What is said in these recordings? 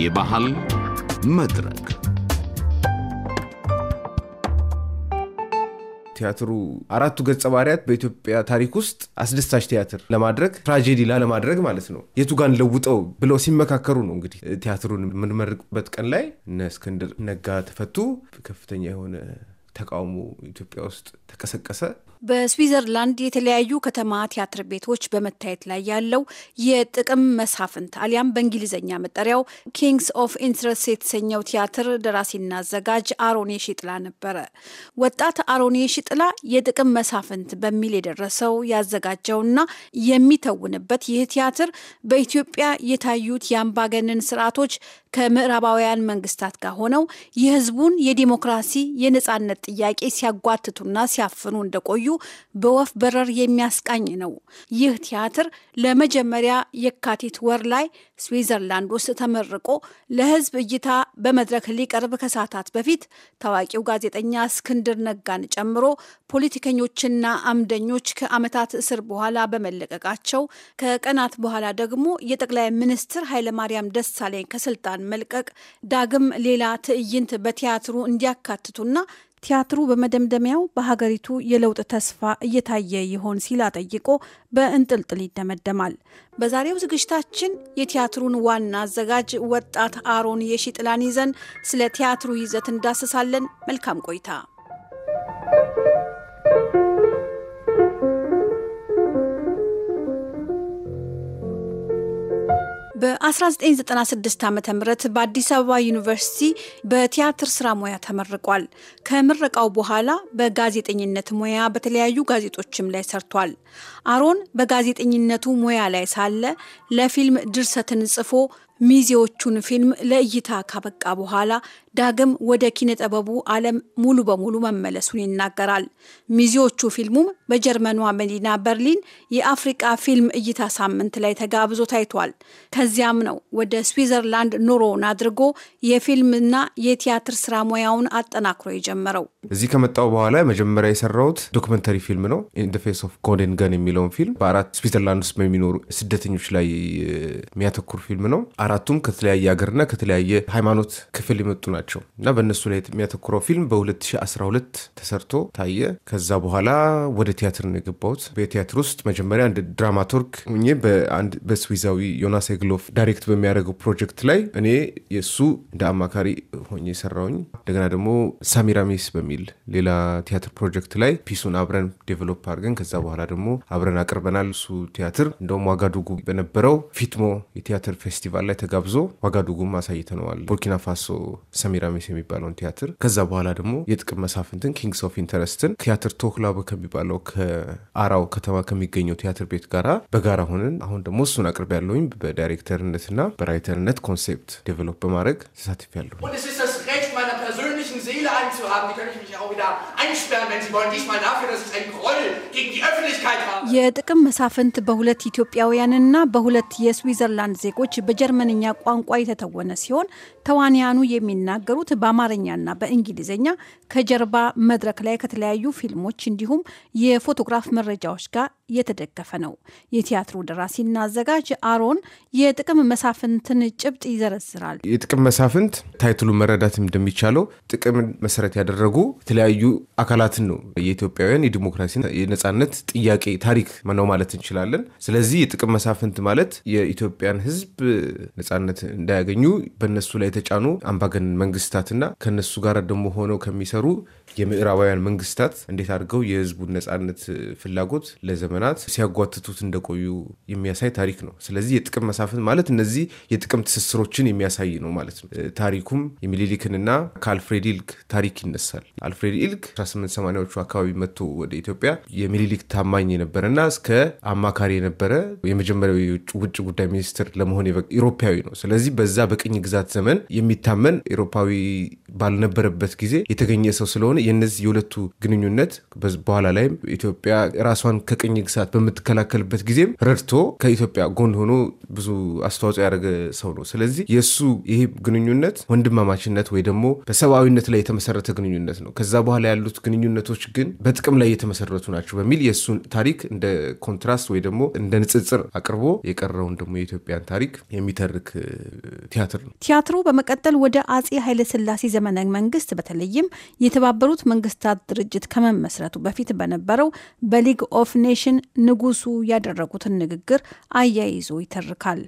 የባህል መድረክ ቲያትሩ አራቱ ገጸ ባህሪያት በኢትዮጵያ ታሪክ ውስጥ አስደሳች ቲያትር ለማድረግ ትራጀዲ ላለማድረግ ማለት ነው የቱጋን ለውጠው ብለው ሲመካከሩ ነው እንግዲህ ቲያትሩን የምንመርቅበት ቀን ላይ እነ እስክንድር ነጋ ተፈቱ። ከፍተኛ የሆነ ተቃውሞ ኢትዮጵያ ውስጥ ተቀሰቀሰ። በስዊዘርላንድ የተለያዩ ከተማ ቲያትር ቤቶች በመታየት ላይ ያለው የጥቅም መሳፍንት አሊያም በእንግሊዝኛ መጠሪያው ኪንግስ ኦፍ ኢንትረስት የተሰኘው ቲያትር ደራሲና አዘጋጅ አሮኔ ሽጥላ ነበረ። ወጣት አሮኔ ሽጥላ የጥቅም መሳፍንት በሚል የደረሰው ያዘጋጀውና የሚተውንበት ይህ ቲያትር በኢትዮጵያ የታዩት የአምባገነን ስርዓቶች ከምዕራባውያን መንግስታት ጋር ሆነው የህዝቡን የዲሞክራሲ የነጻነት ጥያቄ ሲያጓትቱና ሲያፍኑ እንደቆዩ በወፍ በረር የሚያስቃኝ ነው። ይህ ቲያትር ለመጀመሪያ የካቲት ወር ላይ ስዊዘርላንድ ውስጥ ተመርቆ ለሕዝብ እይታ በመድረክ ሊቀርብ ከሰዓታት በፊት ታዋቂው ጋዜጠኛ እስክንድር ነጋን ጨምሮ ፖለቲከኞችና አምደኞች ከዓመታት እስር በኋላ በመለቀቃቸው ከቀናት በኋላ ደግሞ የጠቅላይ ሚኒስትር ኃይለማርያም ደሳለኝ ከስልጣን መልቀቅ ዳግም ሌላ ትዕይንት በቲያትሩ እንዲያካትቱና ቲያትሩ በመደምደሚያው በሀገሪቱ የለውጥ ተስፋ እየታየ ይሆን ሲል አጠይቆ በእንጥልጥል ይደመደማል። በዛሬው ዝግጅታችን የቲያትሩን ዋና አዘጋጅ ወጣት አሮን የሺጥላን ይዘን ስለ ቲያትሩ ይዘት እንዳስሳለን። መልካም ቆይታ። በ1996 ዓ ም በአዲስ አበባ ዩኒቨርሲቲ በቲያትር ስራ ሙያ ተመርቋል። ከምረቃው በኋላ በጋዜጠኝነት ሙያ በተለያዩ ጋዜጦችም ላይ ሰርቷል። አሮን በጋዜጠኝነቱ ሙያ ላይ ሳለ ለፊልም ድርሰትን ጽፎ ሚዜዎቹን ፊልም ለእይታ ካበቃ በኋላ ዳግም ወደ ኪነ ጥበቡ ዓለም ሙሉ በሙሉ መመለሱን ይናገራል። ሚዜዎቹ ፊልሙም በጀርመኗ መዲና በርሊን የአፍሪቃ ፊልም እይታ ሳምንት ላይ ተጋብዞ ታይቷል። ከዚያም ነው ወደ ስዊዘርላንድ ኑሮውን አድርጎ የፊልምና የቲያትር ስራ ሙያውን አጠናክሮ የጀመረው። እዚህ ከመጣው በኋላ መጀመሪያ የሰራሁት ዶክመንተሪ ፊልም ነው። ኢን ዘ ፌስ ኦፍ ጎደን ገን የሚለውን ፊልም በአራት ስዊዘርላንድ ውስጥ በሚኖሩ ስደተኞች ላይ የሚያተኩር ፊልም ነው። አራቱም ከተለያየ ሀገርና ከተለያየ ሃይማኖት ክፍል የመጡ ናቸው እና በእነሱ ላይ የሚያተኩረው ፊልም በ2012 ተሰርቶ ታየ። ከዛ በኋላ ወደ ቲያትር ነው የገባሁት። በቲያትር ውስጥ መጀመሪያ አንድ ድራማቶርክ ሁኜ በስዊዛዊ ዮናስ ኤግሎፍ ዳይሬክት በሚያደርገው ፕሮጀክት ላይ እኔ የእሱ እንደ አማካሪ ሆኜ የሰራውኝ እንደገና ደግሞ ሳሚራሚስ በሚል ሌላ ቲያትር ፕሮጀክት ላይ ፒሱን አብረን ዴቨሎፕ አድርገን ከዛ በኋላ ደግሞ አብረን አቅርበናል። እሱ ቲያትር እንደውም ዋጋዱጉ በነበረው ፊትሞ የቲያትር ፌስቲቫል ላይ ተጋብዞ ዋጋዱጉም አሳይተነዋል። ቡርኪና ፋሶ ሰሚራሚስ የሚባለውን ቲያትር። ከዛ በኋላ ደግሞ የጥቅም መሳፍንትን ኪንግስ ኦፍ ኢንተረስትን ቲያትር ቶክላብ ከሚባለው ከአራው ከተማ ከሚገኘው ቲያትር ቤት ጋራ በጋራ ሆንን አሁን ደግሞ እሱን አቅርብ ያለውኝ በዳይሬክተርነትና በራይተርነት ኮንሴፕት ዴቨሎፕ በማድረግ ተሳትፍ ያለሁ የጥቅም መሳፍንት በሁለት ኢትዮጵያውያንና በሁለት የስዊዘርላንድ ዜጎች በጀርመንኛ ቋንቋ የተተወነ ሲሆን ተዋንያኑ የሚናገሩት በአማርኛና በእንግሊዝኛ ከጀርባ መድረክ ላይ ከተለያዩ ፊልሞች እንዲሁም የፎቶግራፍ መረጃዎች ጋር የተደገፈ ነው። የቲያትሩ ደራሲና አዘጋጅ አሮን የጥቅም መሳፍንትን ጭብጥ ይዘረዝራል። የጥቅም መሳፍንት ታይትሉ መረዳት እንደሚቻለው ጥቅምን መሰረት ያደረጉ የተለያዩ አካላትን ነው። የኢትዮጵያውያን የዲሞክራሲ የነጻነት ጥያቄ ታሪክ ነው ማለት እንችላለን። ስለዚህ የጥቅም መሳፍንት ማለት የኢትዮጵያን ሕዝብ ነጻነት እንዳያገኙ በነሱ ላይ የተጫኑ አምባገን መንግስታትና ከነሱ ጋር ደግሞ ሆነው ከሚሰሩ የምዕራባውያን መንግስታት እንዴት አድርገው የህዝቡን ነጻነት ፍላጎት ለዘመ ዘመናት ሲያጓትቱት እንደቆዩ የሚያሳይ ታሪክ ነው። ስለዚህ የጥቅም መሳፍን ማለት እነዚህ የጥቅም ትስስሮችን የሚያሳይ ነው ማለት ነው። ታሪኩም የሚኒሊክንና ከአልፍሬድ ኢልክ ታሪክ ይነሳል። አልፍሬድ ኢልክ 18 ዎቹ አካባቢ መጥቶ ወደ ኢትዮጵያ የሚኒሊክ ታማኝ የነበረና እስከ አማካሪ የነበረ የመጀመሪያው ውጭ ጉዳይ ሚኒስትር ለመሆን ኢሮፓዊ ነው። ስለዚህ በዛ በቅኝ ግዛት ዘመን የሚታመን ኢሮፓዊ ባልነበረበት ጊዜ የተገኘ ሰው ስለሆነ የነዚህ የሁለቱ ግንኙነት በኋላ ላይም ኢትዮጵያ ራሷን ከቅኝ ሰዓት በምትከላከልበት ጊዜም ረድቶ ከኢትዮጵያ ጎን ሆኖ ብዙ አስተዋጽኦ ያደረገ ሰው ነው። ስለዚህ የእሱ ይህ ግንኙነት ወንድማማችነት ወይ ደግሞ በሰብአዊነት ላይ የተመሰረተ ግንኙነት ነው። ከዛ በኋላ ያሉት ግንኙነቶች ግን በጥቅም ላይ የተመሰረቱ ናቸው በሚል የእሱን ታሪክ እንደ ኮንትራስት ወይ ደግሞ እንደ ንጽጽር አቅርቦ የቀረውን ደግሞ የኢትዮጵያን ታሪክ የሚተርክ ቲያትር ነው። ቲያትሩ በመቀጠል ወደ አጼ ኃይለስላሴ ዘመነ መንግስት በተለይም የተባበሩት መንግስታት ድርጅት ከመመስረቱ በፊት በነበረው በሊግ ኦፍ ኔሽን ንጉሱ ያደረጉትን ንግግር አያይዞ ይተርካል።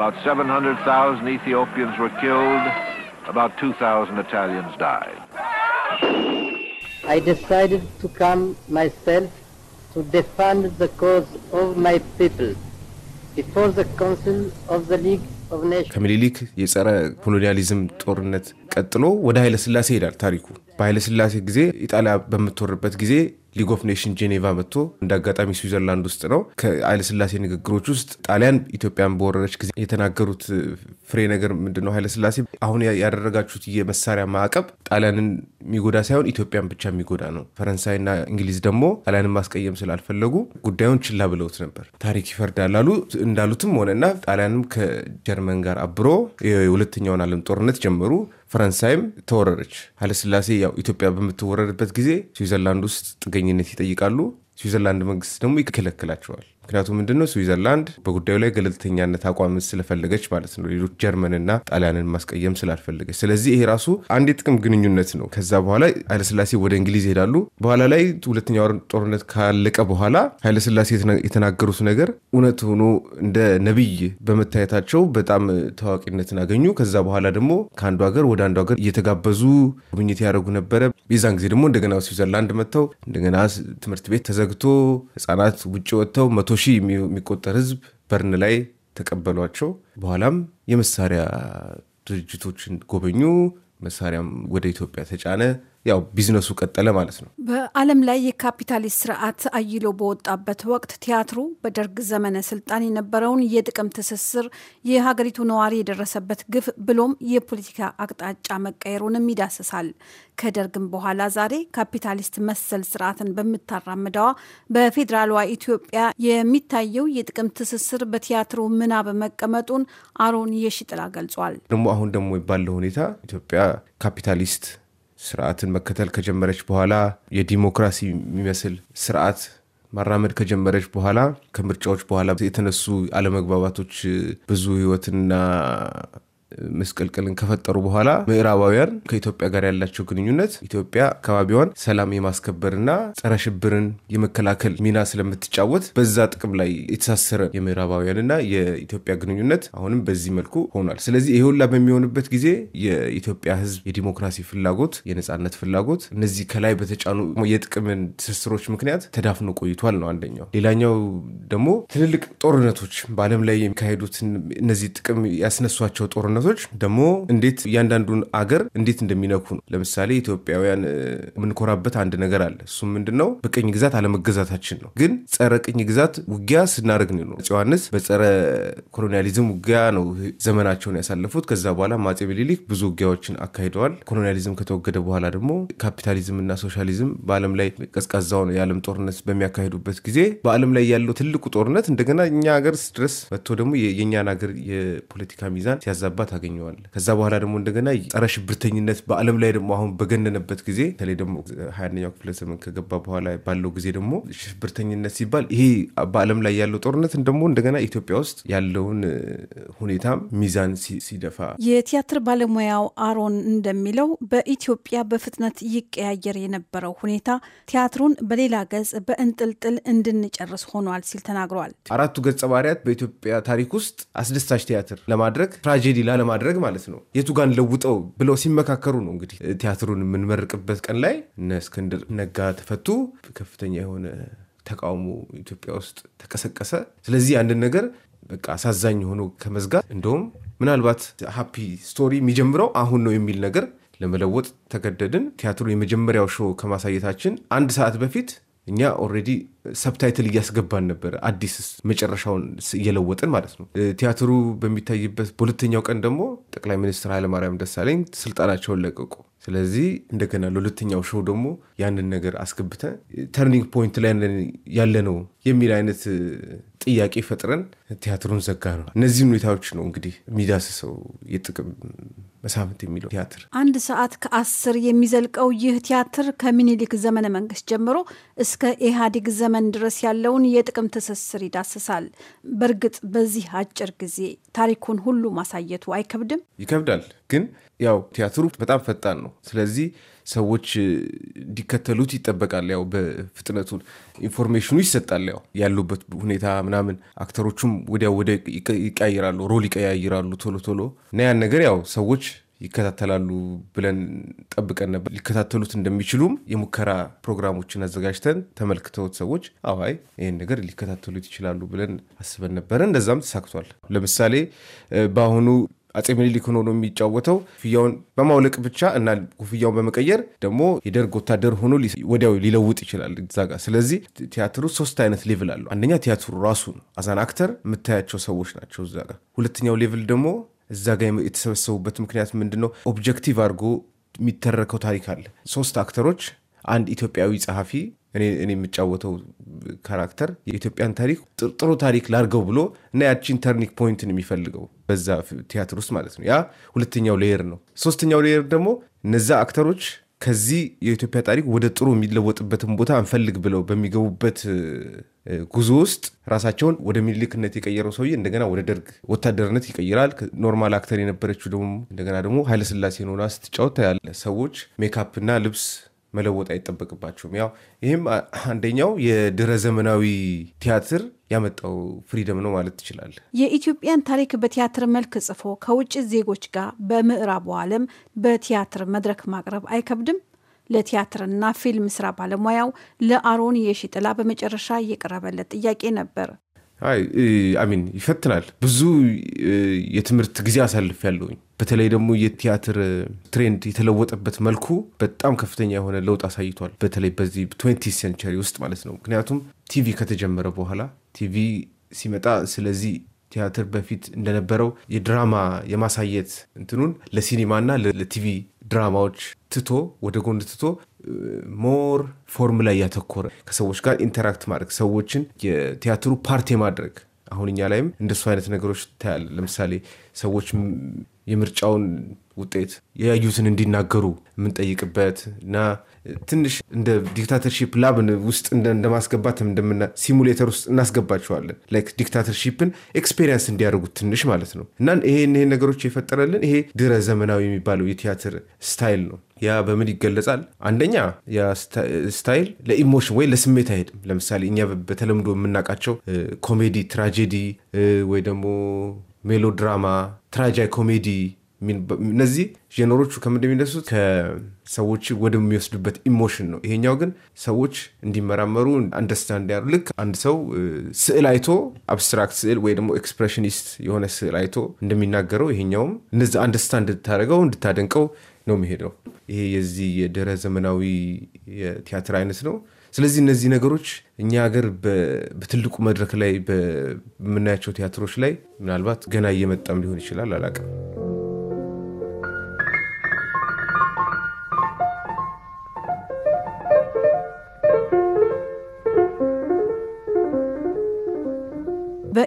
About 700,000 Ethiopians were killed. About 2,000 Italians died. I decided to come myself to defend the cause of my people before the Council of the League ከምኒልክ የጸረ ኮሎኒያሊዝም ጦርነት ቀጥሎ ወደ ኃይለስላሴ ይሄዳል ታሪኩ። በኃይለስላሴ ጊዜ ኢጣሊያ በምትወርበት ጊዜ ሊግ ኦፍ ኔሽን ጄኔቫ መጥቶ እንደ አጋጣሚ ስዊዘርላንድ ውስጥ ነው ከኃይለስላሴ ንግግሮች ውስጥ ጣሊያን ኢትዮጵያን በወረረች ጊዜ የተናገሩት ፍሬ ነገር ምንድን ነው? ኃይለስላሴ አሁን ያደረጋችሁት የመሳሪያ ማዕቀብ ጣሊያንን የሚጎዳ ሳይሆን ኢትዮጵያን ብቻ የሚጎዳ ነው። ፈረንሳይና እንግሊዝ ደግሞ ጣሊያንን ማስቀየም ስላልፈለጉ ጉዳዩን ችላ ብለውት ነበር። ታሪክ ይፈርዳል አሉ። እንዳሉትም ሆነና ጣሊያንም ከጀርመን ጋር አብሮ የሁለተኛውን ዓለም ጦርነት ጀመሩ። ፈረንሳይም ተወረረች። ኃይለስላሴ ያው ኢትዮጵያ በምትወረርበት ጊዜ ስዊዘርላንድ ውስጥ ጥገኝነት ይጠይቃሉ። ስዊዘርላንድ መንግስት ደግሞ ይከለክላቸዋል። ምክንያቱም ምንድነው ስዊዘርላንድ በጉዳዩ ላይ ገለልተኛነት አቋም ስለፈለገች ማለት ነው። ሌሎች ጀርመንና ጣሊያንን ማስቀየም ስላልፈለገች። ስለዚህ ይሄ ራሱ አንድ የጥቅም ግንኙነት ነው። ከዛ በኋላ ኃይለስላሴ ወደ እንግሊዝ ይሄዳሉ። በኋላ ላይ ሁለተኛ ጦርነት ካለቀ በኋላ ኃይለስላሴ የተናገሩት ነገር እውነት ሆኖ እንደ ነቢይ በመታየታቸው በጣም ታዋቂነትን አገኙ። ከዛ በኋላ ደግሞ ከአንዱ ሀገር ወደ አንዱ ሀገር እየተጋበዙ ጉብኝት ያደረጉ ነበረ። የዛን ጊዜ ደግሞ እንደገና ስዊዘርላንድ መጥተው እንደገና ትምህርት ቤት ተዘ ተዘግቶ ህፃናት ውጭ ወጥተው መቶ ሺህ የሚቆጠር ህዝብ በርን ላይ ተቀበሏቸው። በኋላም የመሳሪያ ድርጅቶችን ጎበኙ። መሳሪያም ወደ ኢትዮጵያ ተጫነ። ያው ቢዝነሱ ቀጠለ ማለት ነው። በዓለም ላይ የካፒታሊስት ስርዓት አይሎ በወጣበት ወቅት ቲያትሩ በደርግ ዘመነ ስልጣን የነበረውን የጥቅም ትስስር፣ የሀገሪቱ ነዋሪ የደረሰበት ግፍ ብሎም የፖለቲካ አቅጣጫ መቀየሩንም ይዳስሳል። ከደርግም በኋላ ዛሬ ካፒታሊስት መሰል ስርዓትን በምታራምደዋ በፌዴራሏ ኢትዮጵያ የሚታየው የጥቅም ትስስር በቲያትሩ ምናብ መቀመጡን አሮን የሽጥላ ገልጿል። ደግሞ አሁን ደግሞ ባለው ሁኔታ ኢትዮጵያ ካፒታሊስት ስርዓትን መከተል ከጀመረች በኋላ የዲሞክራሲ የሚመስል ስርዓት ማራመድ ከጀመረች በኋላ ከምርጫዎች በኋላ የተነሱ አለመግባባቶች ብዙ ህይወትና መስቀልቅልን ከፈጠሩ በኋላ ምዕራባውያን ከኢትዮጵያ ጋር ያላቸው ግንኙነት ኢትዮጵያ አካባቢዋን ሰላም የማስከበርና ጸረ ሽብርን የመከላከል ሚና ስለምትጫወት በዛ ጥቅም ላይ የተሳሰረ የምዕራባውያንና የኢትዮጵያ ግንኙነት አሁንም በዚህ መልኩ ሆኗል። ስለዚህ ይሄ ሁላ በሚሆንበት ጊዜ የኢትዮጵያ ሕዝብ የዲሞክራሲ ፍላጎት፣ የነጻነት ፍላጎት እነዚህ ከላይ በተጫኑ የጥቅምን ትስስሮች ምክንያት ተዳፍኖ ቆይቷል ነው አንደኛው። ሌላኛው ደግሞ ትልልቅ ጦርነቶች በዓለም ላይ የሚካሄዱትን እነዚህ ጥቅም ያስነሷቸው ጦርነቶች ጦርነቶች ደግሞ እንዴት እያንዳንዱን አገር እንዴት እንደሚነኩ ነው። ለምሳሌ ኢትዮጵያውያን የምንኮራበት አንድ ነገር አለ። እሱም ምንድነው? በቅኝ ግዛት አለመገዛታችን ነው። ግን ጸረ ቅኝ ግዛት ውጊያ ስናደርግ ነው። ዮሐንስ በጸረ ኮሎኒያሊዝም ውጊያ ነው ዘመናቸውን ያሳለፉት። ከዛ በኋላ አፄ ምኒልክ ብዙ ውጊያዎችን አካሂደዋል። ኮሎኒያሊዝም ከተወገደ በኋላ ደግሞ ካፒታሊዝም እና ሶሻሊዝም በዓለም ላይ ቀዝቃዛውን የዓለም ጦርነት በሚያካሂዱበት ጊዜ በዓለም ላይ ያለው ትልቁ ጦርነት እንደገና እኛ ሀገር ድረስ መጥቶ ደግሞ የእኛን ሀገር የፖለቲካ ሚዛን ሲያዛባ ታገኘዋለህ። ከዛ በኋላ ደግሞ እንደገና ጸረ ሽብርተኝነት በዓለም ላይ ደግሞ አሁን በገነነበት ጊዜ በተለይ ደግሞ ሀያኛው ክፍለ ዘመን ከገባ በኋላ ባለው ጊዜ ደግሞ ሽብርተኝነት ሲባል ይሄ በዓለም ላይ ያለው ጦርነት ደግሞ እንደገና ኢትዮጵያ ውስጥ ያለውን ሁኔታም ሚዛን ሲደፋ የቲያትር ባለሙያው አሮን እንደሚለው በኢትዮጵያ በፍጥነት ይቀያየር የነበረው ሁኔታ ቲያትሩን በሌላ ገጽ በእንጥልጥል እንድንጨርስ ሆኗል ሲል ተናግሯል። አራቱ ገጸ ባህርያት በኢትዮጵያ ታሪክ ውስጥ አስደሳች ቲያትር ለማድረግ ትራጀዲ ላለማድረግ ማለት ነው የቱ ጋን ለውጠው ብለው ሲመካከሩ ነው እንግዲህ ቲያትሩን የምንመርቅበት ቀን ላይ እነ እስክንድር ነጋ ተፈቱ። ከፍተኛ የሆነ ተቃውሞ ኢትዮጵያ ውስጥ ተቀሰቀሰ። ስለዚህ አንድን ነገር በቃ አሳዛኝ ሆኖ ከመዝጋት እንደውም ምናልባት ሀፒ ስቶሪ የሚጀምረው አሁን ነው የሚል ነገር ለመለወጥ ተገደድን። ቲያትሩ የመጀመሪያው ሾው ከማሳየታችን አንድ ሰዓት በፊት እኛ ኦልሬዲ ሰብታይትል እያስገባን ነበር፣ አዲስ መጨረሻውን እየለወጥን ማለት ነው። ቲያትሩ በሚታይበት በሁለተኛው ቀን ደግሞ ጠቅላይ ሚኒስትር ኃይለማርያም ደሳለኝ ስልጣናቸውን ለቀቁ። ስለዚህ እንደገና ለሁለተኛው ሾው ደግሞ ያንን ነገር አስገብተን ተርኒንግ ፖይንት ላይ ያለ ነው የሚል አይነት ጥያቄ ፈጥረን ቲያትሩን ዘጋ ነው። እነዚህን ሁኔታዎች ነው እንግዲህ የሚዳስሰው የጥቅም በሳምንት የሚለው ቲያትር አንድ ሰዓት ከአስር የሚዘልቀው ይህ ቲያትር ከሚኒሊክ ዘመነ መንግስት ጀምሮ እስከ ኢህአዴግ ዘመን ድረስ ያለውን የጥቅም ትስስር ይዳስሳል። በእርግጥ በዚህ አጭር ጊዜ ታሪኩን ሁሉ ማሳየቱ አይከብድም? ይከብዳል። ግን ያው ቲያትሩ በጣም ፈጣን ነው። ስለዚህ ሰዎች እንዲከተሉት ይጠበቃል። ያው በፍጥነቱን ኢንፎርሜሽኑ ይሰጣል። ያው ያሉበት ሁኔታ ምናምን አክተሮቹም ወዲያ ወደ ይቀያይራሉ፣ ሮል ይቀያይራሉ ቶሎ ቶሎ እና ያን ነገር ያው ሰዎች ይከታተላሉ ብለን ጠብቀን ነበር። ሊከታተሉት እንደሚችሉም የሙከራ ፕሮግራሞችን አዘጋጅተን ተመልክተውት ሰዎች አዋይ ይህን ነገር ሊከታተሉት ይችላሉ ብለን አስበን ነበረ። እንደዛም ተሳክቷል። ለምሳሌ በአሁኑ አፄ ምኒልክ ሆኖ ነው የሚጫወተው። ኮፍያውን በማውለቅ ብቻ እና ኮፍያውን በመቀየር ደግሞ የደርግ ወታደር ሆኖ ወዲያው ሊለውጥ ይችላል እዛ ጋር። ስለዚህ ቲያትሩ ሶስት አይነት ሌቭል አለው። አንደኛ ቲያትሩ ራሱ ነው፣ አዛን አክተር የምታያቸው ሰዎች ናቸው እዛ ጋር። ሁለተኛው ሌቭል ደግሞ እዛ ጋር የተሰበሰቡበት ምክንያት ምንድን ነው? ኦብጀክቲቭ አድርጎ የሚተረከው ታሪክ አለ። ሶስት አክተሮች፣ አንድ ኢትዮጵያዊ ጸሐፊ እኔ የምጫወተው ካራክተር የኢትዮጵያን ታሪክ ጥሩ ታሪክ ላርገው ብሎ እና ያቺን ተርኒክ ፖይንትን የሚፈልገው በዛ ቲያትር ውስጥ ማለት ነው። ያ ሁለተኛው ሌየር ነው። ሶስተኛው ሌየር ደግሞ እነዛ አክተሮች ከዚህ የኢትዮጵያ ታሪክ ወደ ጥሩ የሚለወጥበትን ቦታ እንፈልግ ብለው በሚገቡበት ጉዞ ውስጥ ራሳቸውን ወደ ሚኒልክነት የቀየረው ሰውዬ እንደገና ወደ ደርግ ወታደርነት ይቀይራል። ኖርማል አክተር የነበረችው ደግሞ እንደገና ደግሞ ኃይለስላሴ ሆና ስትጫወት ያለ ሰዎች ሜካፕና ልብስ መለወጥ አይጠበቅባቸውም። ያው ይህም አንደኛው የድረ ዘመናዊ ቲያትር ያመጣው ፍሪደም ነው ማለት ትችላል። የኢትዮጵያን ታሪክ በቲያትር መልክ ጽፎ ከውጭ ዜጎች ጋር በምዕራቡ ዓለም በቲያትር መድረክ ማቅረብ አይከብድም። ለቲያትርና ፊልም ስራ ባለሙያው ለአሮን የሺጥላ በመጨረሻ የቀረበለት ጥያቄ ነበር። አሚን ይፈትናል። ብዙ የትምህርት ጊዜ አሳልፍ ያለውኝ በተለይ ደግሞ የቲያትር ትሬንድ የተለወጠበት መልኩ በጣም ከፍተኛ የሆነ ለውጥ አሳይቷል። በተለይ በዚህ ትንቲ ሴንቸሪ ውስጥ ማለት ነው። ምክንያቱም ቲቪ ከተጀመረ በኋላ ቲቪ ሲመጣ ስለዚህ ቲያትር በፊት እንደነበረው የድራማ የማሳየት እንትኑን ለሲኒማና ለቲቪ ድራማዎች ትቶ ወደ ጎን ትቶ ሞር ፎርም ላይ ያተኮረ ከሰዎች ጋር ኢንተራክት ማድረግ ሰዎችን የቲያትሩ ፓርቲ ማድረግ አሁን እኛ ላይም እንደሱ አይነት ነገሮች ታያለ። ለምሳሌ ሰዎች የምርጫውን ውጤት የያዩትን እንዲናገሩ የምንጠይቅበት እና ትንሽ እንደ ዲክታተርሺፕ ላብን ውስጥ እንደማስገባት እንደምና ሲሙሌተር ውስጥ እናስገባቸዋለን። ላይክ ዲክታተርሺፕን ኤክስፔሪንስ እንዲያደርጉት ትንሽ ማለት ነው። እና ይሄን ይሄን ነገሮች የፈጠረልን ይሄ ድረ ዘመናዊ የሚባለው የቲያትር ስታይል ነው። ያ በምን ይገለጻል? አንደኛ ያ ስታይል ለኢሞሽን ወይ ለስሜት አይሄድም። ለምሳሌ እኛ በተለምዶ የምናውቃቸው ኮሜዲ፣ ትራጀዲ ወይ ደግሞ ሜሎድራማ፣ ትራጃይ ኮሜዲ እነዚህ ጀኖሮቹ ከምንደሚነሱት ሰዎች ወደ የሚወስዱበት ኢሞሽን ነው። ይሄኛው ግን ሰዎች እንዲመራመሩ አንደርስታንድ ያሉ ልክ አንድ ሰው ስዕል አይቶ አብስትራክት ስዕል ወይ ደግሞ ኤክስፕሬሽኒስት የሆነ ስዕል አይቶ እንደሚናገረው ይሄኛውም እነዚ አንደርስታንድ እንድታደርገው እንድታደንቀው ነው የሚሄደው። ይሄ የዚህ የድህረ ዘመናዊ የቲያትር አይነት ነው። ስለዚህ እነዚህ ነገሮች እኛ ሀገር በትልቁ መድረክ ላይ በምናያቸው ቲያትሮች ላይ ምናልባት ገና እየመጣም ሊሆን ይችላል አላውቅም።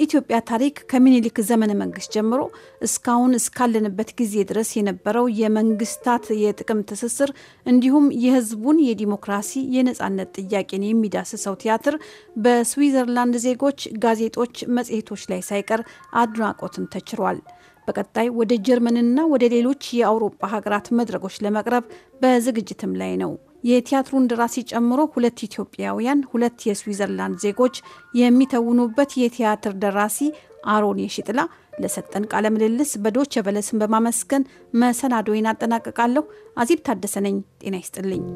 በኢትዮጵያ ታሪክ ከሚኒሊክ ዘመነ መንግስት ጀምሮ እስካሁን እስካለንበት ጊዜ ድረስ የነበረው የመንግስታት የጥቅም ትስስር እንዲሁም የህዝቡን የዲሞክራሲ የነጻነት ጥያቄን የሚዳስሰው ቲያትር በስዊዘርላንድ ዜጎች፣ ጋዜጦች፣ መጽሔቶች ላይ ሳይቀር አድናቆትን ተችሯል። በቀጣይ ወደ ጀርመንና ወደ ሌሎች የአውሮፓ ሀገራት መድረኮች ለመቅረብ በዝግጅትም ላይ ነው። የቲያትሩን ደራሲ ጨምሮ ሁለት ኢትዮጵያውያን፣ ሁለት የስዊዘርላንድ ዜጎች የሚተውኑበት የቲያትር ደራሲ አሮን የሽጥላ ለሰጠን ቃለ ምልልስ በዶች በለስን በማመስገን መሰናዶዬን አጠናቅቃለሁ። አዚብ ታደሰነኝ ጤና ይስጥልኝ።